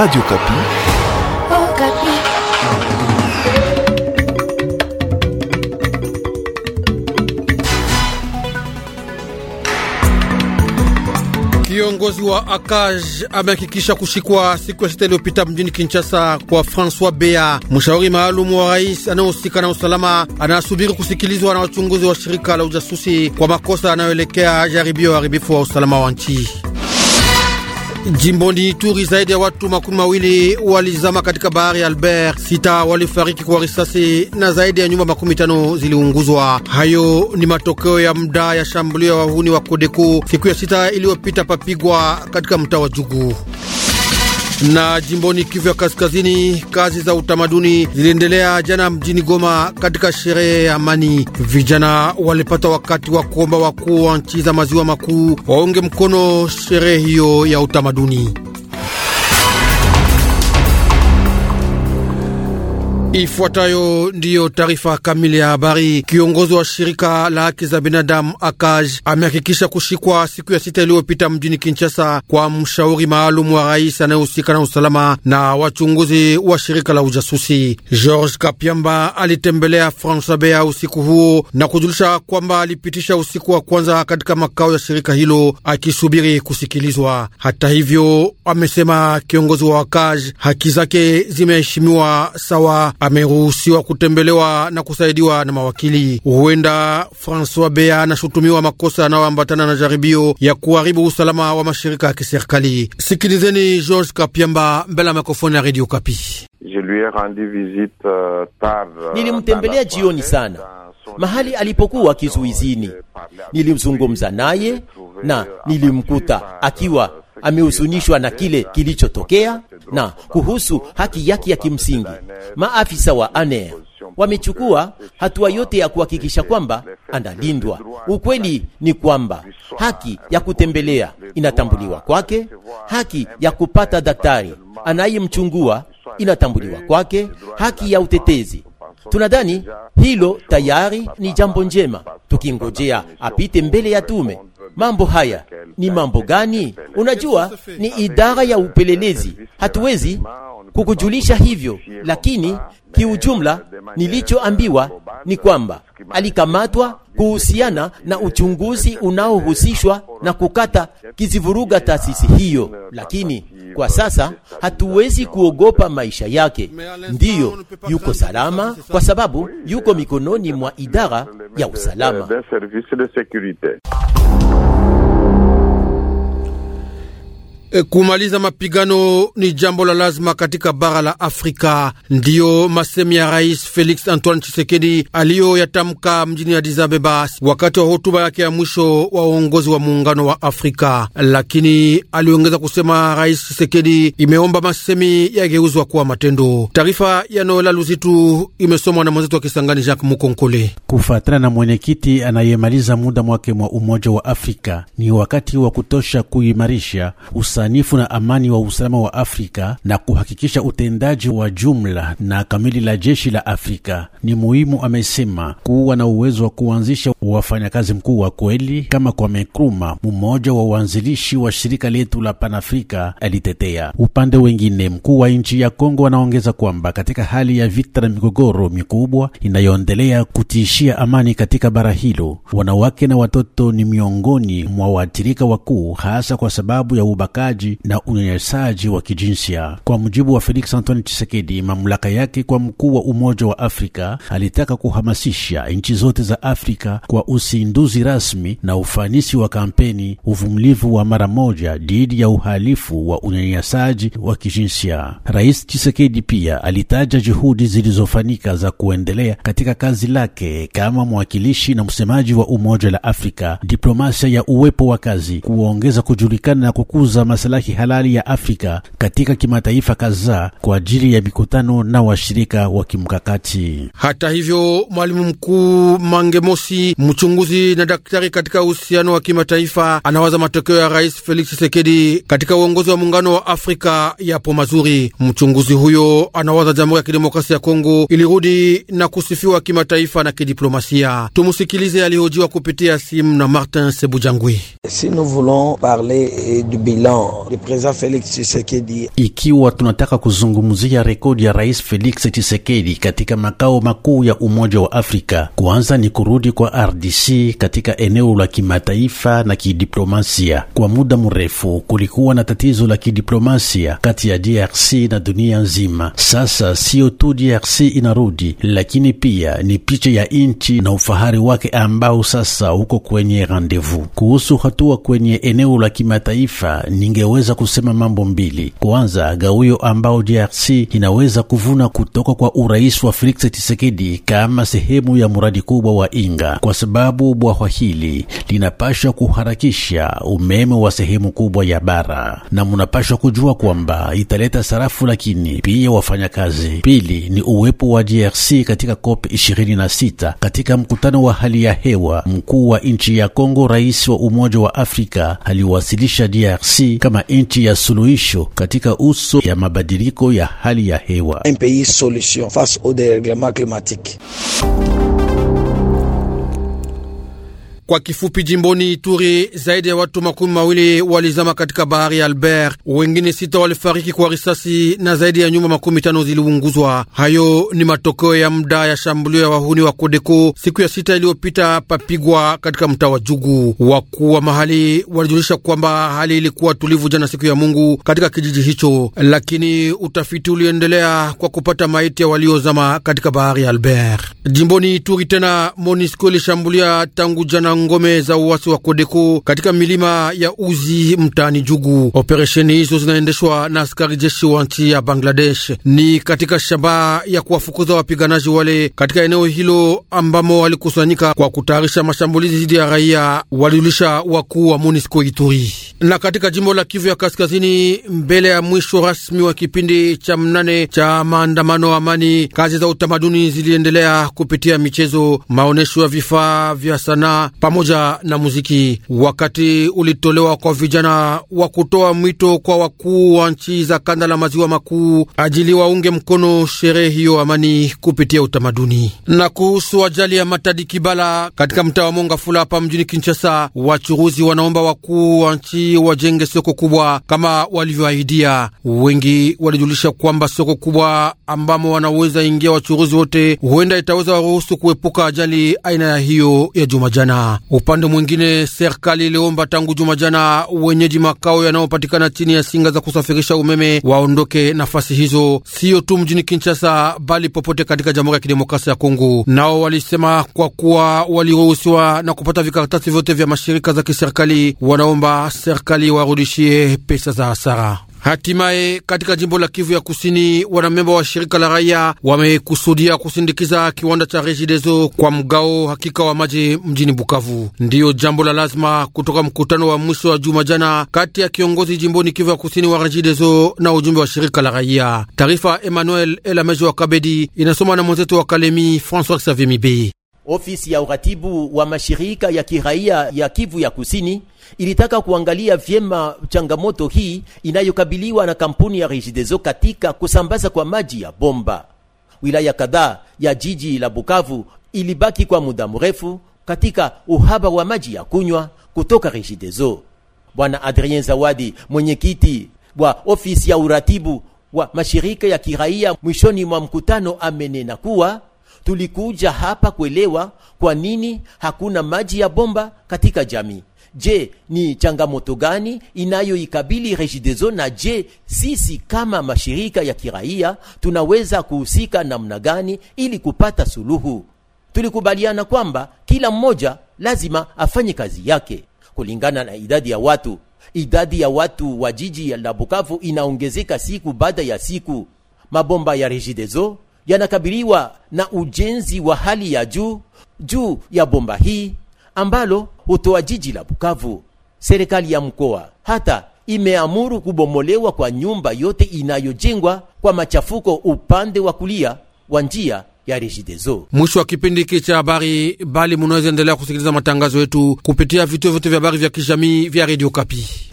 Radio Kapi. Oh, Kapi. Kiongozi wa Akaj amehakikisha kushikwa siku ya sita iliyopita mjini Kinshasa kwa François Bea, mshauri maalumu wa rais anayehusika na usalama, anasubiri kusikilizwa na wachunguzi wa shirika la ujasusi kwa makosa yanayoelekea jaribio ya uharibifu wa usalama wa nchi. Jimboni Ituri zaidi ya watu makumi mawili walizama katika bahari ya Albert, sita walifariki kwa risasi na zaidi ya nyumba makumi tano ziliunguzwa. Hayo ni matokeo ya muda ya shambulio ya wahuni wa Kodeko siku ya sita iliyopita papigwa katika mtaa wa Jugu. Na jimboni Kivu ya Kaskazini, kazi za utamaduni ziliendelea jana mjini Goma katika sherehe ya amani. Vijana walipata wakati wa kuomba wakuu wa nchi za maziwa makuu waunge mkono sherehe hiyo ya utamaduni. Ifuatayo ndiyo taarifa kamili ya habari. Kiongozi wa shirika la haki za binadamu ACAJ amehakikisha kushikwa siku ya sita iliyopita mjini Kinshasa kwa mshauri maalum wa rais anayehusika na usalama na wachunguzi wa shirika la ujasusi. George Kapiamba alitembelea Francois Bea usiku huo na kujulisha kwamba alipitisha usiku wa kwanza katika makao ya shirika hilo akisubiri kusikilizwa. Hata hivyo, amesema kiongozi wa Akaj, haki zake zimeheshimiwa sawa ameruhusiwa kutembelewa na kusaidiwa na mawakili. Huenda Francois Bea anashutumiwa makosa yanayoambatana na jaribio ya kuharibu usalama wa mashirika ya kiserikali. Sikilizeni George Kapiamba mbele ya mikrofoni ya Radio Kapi. Euh, euh, Nilimtembelea jioni sana mahali alipokuwa kizuizini, nilimzungumza naye na nilimkuta akiwa amehuzunishwa na kile kilichotokea, na kuhusu haki yake ya kimsingi, maafisa wa ANR wamechukua hatua yote ya kuhakikisha kwamba analindwa. Ukweli ni kwamba haki ya kutembelea inatambuliwa kwake, haki ya kupata daktari anayemchungua inatambuliwa kwake, haki ya utetezi tunadhani hilo tayari ni jambo njema, tukingojea apite mbele ya tume Mambo haya ni mambo gani? Unajua, ni idara ya upelelezi, hatuwezi kukujulisha hivyo, lakini kiujumla, nilichoambiwa ni kwamba alikamatwa kuhusiana na uchunguzi unaohusishwa na kukata kizivuruga taasisi hiyo, lakini kwa sasa hatuwezi kuogopa maisha yake. Ndiyo, yuko salama kwa sababu yuko mikononi mwa idara ya usalama. Eh, kumaliza mapigano ni jambo la lazima katika bara la Afrika. Ndiyo masemi ya Rais Felix Antoine Chisekedi aliyoyatamka mjini Addis Abeba wakati wa hotuba yake ya mwisho wa uongozi wa Muungano wa Afrika. Lakini aliongeza kusema, Rais Chisekedi imeomba masemi yageuzwa kuwa matendo. Taarifa ya Noela Luzitu imesomwa na mwenzetu wa Kisangani, Jacques Mukonkole. Kufuatana na mwenyekiti anayemaliza muda mwake mwa Umoja wa Afrika, ni wakati wa kutosha kuimarisha usa uaminifu na amani wa usalama wa Afrika na kuhakikisha utendaji wa jumla na kamili la jeshi la Afrika. Ni muhimu, amesema, kuwa na uwezo wa kuanzisha wafanyakazi mkuu wa kweli kama Kwame Nkruma, mmoja wa uanzilishi wa shirika letu la Panafrika, alitetea. Upande wengine, mkuu wa nchi ya Kongo anaongeza kwamba katika hali ya vita na migogoro mikubwa inayoendelea kutishia amani katika bara hilo, wanawake na watoto ni miongoni mwa waathirika wakuu, hasa kwa sababu ya ubaka ukatili na unyanyasaji wa kijinsia. Kwa mujibu wa Felix Antoine chisekedi mamlaka yake kwa mkuu wa Umoja wa Afrika alitaka kuhamasisha nchi zote za Afrika kwa usinduzi rasmi na ufanisi wa kampeni uvumilivu wa mara moja dhidi ya uhalifu wa unyanyasaji wa kijinsia. Rais chisekedi pia alitaja juhudi zilizofanyika za kuendelea katika kazi lake kama mwakilishi na msemaji wa Umoja la Afrika, diplomasia ya uwepo wa kazi, kuongeza kujulikana na kukuza maslahi halali ya Afrika katika kimataifa kadhaa kwa ajili ya mikutano na washirika wa kimkakati. Hata hivyo, mwalimu mkuu Mangemosi, mchunguzi na daktari katika uhusiano wa kimataifa, anawaza matokeo ya Rais Felix Tshisekedi katika uongozi wa muungano wa Afrika yapo mazuri. Mchunguzi huyo anawaza Jamhuri ya Kidemokrasia ya Kongo ilirudi na kusifiwa kimataifa na kidiplomasia. Tumusikilize, alihojiwa kupitia simu na Martin Sebujangwi. Si nous voulons parler eh, du bilan Felix Tshisekedi. Ikiwa tunataka kuzungumzia rekodi ya Rais Felix Tshisekedi katika makao makuu ya Umoja wa Afrika, kwanza ni kurudi kwa RDC katika eneo la kimataifa na kidiplomasia. Kwa muda mrefu kulikuwa na tatizo la kidiplomasia kati ya DRC na dunia nzima. Sasa sio tu DRC inarudi, lakini pia ni picha ya nchi na ufahari wake ambao sasa uko kwenye randevu. Kuhusu hatua kwenye eneo la kimataifa ni ningeweza kusema mambo mbili. Kwanza, gawio ambao DRC inaweza kuvuna kutoka kwa urais wa Felix Tshisekedi kama sehemu ya mradi kubwa wa Inga, kwa sababu bwawa hili linapashwa kuharakisha umeme wa sehemu kubwa ya bara, na munapashwa kujua kwamba italeta sarafu, lakini pia wafanyakazi. Pili ni uwepo wa DRC katika COP 26 katika mkutano wa hali ya hewa mkuu wa nchi ya Kongo, rais wa Umoja wa Afrika aliwasilisha DRC kama nchi ya suluhisho katika uso ya mabadiliko ya hali ya hewa. Un pays solution face au dereglement climatique. Kwa kifupi, jimboni Ituri zaidi ya watu makumi mawili walizama katika bahari ya Albert, wengine sita walifariki kwa risasi na zaidi ya nyumba makumi tano ziliunguzwa. Hayo ni matokeo ya muda ya shambulio ya wahuni wa Kodeko siku ya sita iliyopita papigwa katika mtaa wa Jugu. Wakuu wa mahali walijulisha kwamba hali ilikuwa tulivu jana siku ya Mungu katika kijiji hicho, lakini utafiti uliendelea kwa kupata maiti ya waliozama katika bahari ya Albert. Jimboni Ituri tena, Monisco ilishambulia tangu jana ngome za uwasi wa Kodeko katika milima ya Uzi mtaani Jugu. Operesheni hizo zinaendeshwa na askari jeshi wa nchi ya Bangladesh, ni katika shamba ya kuwafukuza wapiganaji wale katika eneo hilo ambamo walikusanyika kwa kutayarisha mashambulizi dhidi ya raia, waliulisha wakuu wa MONUSCO Ituri. Na katika jimbo la Kivu ya Kaskazini, mbele ya mwisho rasmi wa kipindi cha mnane cha maandamano amani, kazi za utamaduni ziliendelea kupitia michezo, maonesho ya vifaa vya sanaa pamoja na muziki. Wakati ulitolewa kwa vijana wa kutoa mwito kwa wakuu wa nchi za kanda la maziwa makuu ajili waunge mkono sherehe hiyo amani kupitia utamaduni. Na kuhusu ajali ya Matadi Kibala katika mtaa wa Mongafula hapa mjini Kinshasa, wachuruzi wanaomba wakuu wa nchi wajenge soko kubwa kama walivyoahidia. Wengi walijulisha kwamba soko kubwa ambamo wanaweza ingia wachuruzi wote huenda itaweza waruhusu kuepuka ajali aina ya hiyo ya juma jana. Upande mwingine, serikali iliomba tangu juma jana wenyeji makao yanayopatikana chini ya singa za kusafirisha umeme waondoke nafasi hizo, siyo tu mjini Kinshasa bali popote katika Jamhuri ya Kidemokrasia ya Kongo. Nao walisema kwa kuwa waliruhusiwa na kupata vikaratasi vyote vya mashirika za kiserikali, wanaomba serikali warudishie pesa za hasara. Hatimaye katika jimbo la Kivu ya Kusini, wanamemba wa shirika la raia wamekusudia kusindikiza kiwanda cha Rejidezo kwa mgao hakika wa maji mjini Bukavu. Ndiyo jambo la lazima kutoka mkutano wa mwisho wa juma jana kati ya kiongozi jimboni Kivu ya Kusini wa Rejidezo na ujumbe wa shirika la raia. Taarifa Emmanuel Elameji wa Kabedi inasoma na mwenzetu wa Kalemi François Xavier Mibei. Ofisi ya uratibu wa mashirika ya kiraia ya Kivu ya Kusini ilitaka kuangalia vyema changamoto hii inayokabiliwa na kampuni ya Regideso katika kusambaza kwa maji ya bomba. Wilaya kadhaa ya jiji la Bukavu ilibaki kwa muda mrefu katika uhaba wa maji ya kunywa kutoka Regideso. Bwana Adrien Zawadi, mwenyekiti wa ofisi ya uratibu wa mashirika ya kiraia, mwishoni mwa mkutano amenena kuwa tulikuja hapa kuelewa kwa nini hakuna maji ya bomba katika jamii. Je, ni changamoto gani inayoikabili Regideso? Na je, sisi kama mashirika ya kiraia tunaweza kuhusika namna gani ili kupata suluhu? Tulikubaliana kwamba kila mmoja lazima afanye kazi yake kulingana na idadi ya watu. Idadi ya watu wa jiji la Bukavu inaongezeka siku baada ya siku. Mabomba ya Regideso yanakabiliwa na ujenzi wa hali ya juu juu ya bomba hii ambalo hutoa jiji la Bukavu. Serikali ya mkoa hata imeamuru kubomolewa kwa nyumba yote inayojengwa kwa machafuko upande wa kulia wa njia ya Regideso. Mwisho wa kipindi hiki cha habari, bali munaweza endelea kusikiliza matangazo yetu kupitia vituo vyote vya habari vya kijamii vya Radio Kapi.